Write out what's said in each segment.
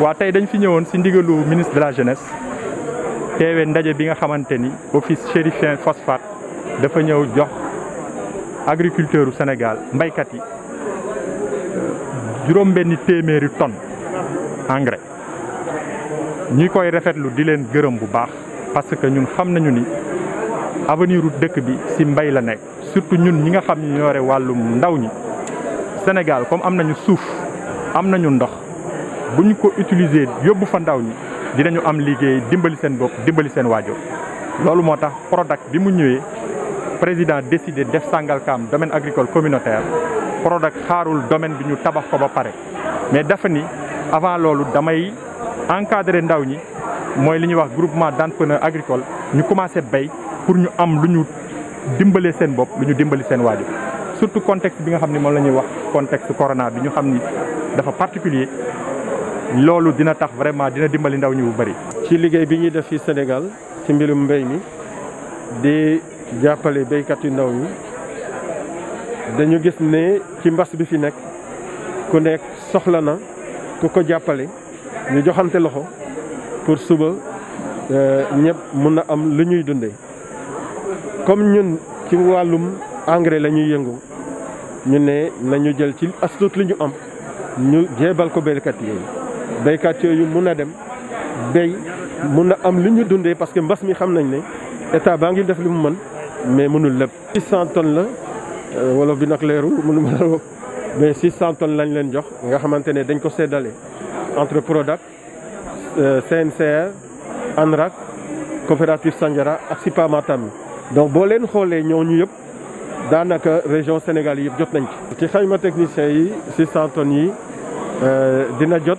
waa tey dañ fi ñëwoon si ndigalu ministre de la jeunesse teewee ndaje bi nga xamante ni office chérifien phosphate dafa ñëw jox agriculteur u Sénégal mbaykat yi euh, juróom-benni téeméeri tonne engrais ñi koy rafetlu di leen gërëm bu baax parce que ñun xam nañu ni aveniru dëkk bi si mbay la nekk surtout ñun ñi nga xam ñu yore wàllum ndaw ñi Sénégal comme am nañu suuf am nañu ndox buñ ko utiliser yóbbu fa ndaw ñi dinañu am liggéey dimbali seen bop dimbali seen waajur loolu motax product bi mu ñëwé président décidé def kam domaine agricole communautaire Product xaarul domaine bi ñu tabax ko ba paré mais dafa ni avant loolu damay encadrer ndaw ñi mooy li ñuy wax groupement d'entrepreneurs agricoles ñu commencé bay pour ñu am lu ñu dimbalee seen bopp lu ñu dimbali seen waajur surtout contexte bi nga xamni ni lañuy wax contexte corona bi ñu xam dafa particulier loolu dina tax vraiment dina dimbali ndaw ñu bu bëri. ci liggéey bi ñuy def fii Sénégal ci mbirum mbéy mi di jàppale béykat yu ndaw ñi dañu gis ne ci mbas bi fi nekk ku nekk soxla na ku ko jàppale ñu joxante loxo pour suba euh, ñëpp mun a am lu ñuy dunde comme ñun ci wàllum engrais la ñuy yëngu ñu ne nañu jël ci as tuut li ñu am ñu jéebal ko béykat yi. béykat yooyu mun a dem bay mun am liñu dundé parce que mbass mi xamnañ né état ba ngi def limu mu mën mais mënul lépp. 600 tonnes la euh, wolof bi nak leeru mënu ma mais 600 tonnes lañ leen jox nga xamante ne dañ ko sédalé entre Prodac euh, CNCR ANRAC coopérative Sandiara ak SIPA Matam donc bo leen xoolee ñooñu yëpp danaka région Sénégal yëpp jot nañ ci. ci xayma technicien yi 600 tonnes yi euh dina jot.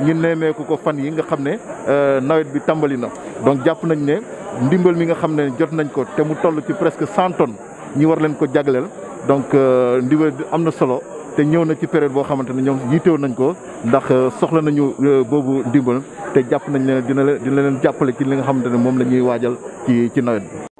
ñu néméeku ko fan yi nga xam ne euh, nawet bi tàmbali na donc jàpp nañ ne ndimbal mi nga xam ne jot nañ ko te mu toll ci presque cent tonnes ñi war leen ko jagleel donc euh, ndiwal am na solo te ñëw na ci période boo xamante ne ñoom nañ ko ndax euh, soxla nañu boobu ndimbal te jàpp nañ ne dina dina leen jàppale ci li nga xamante ne moom la ci ci nawet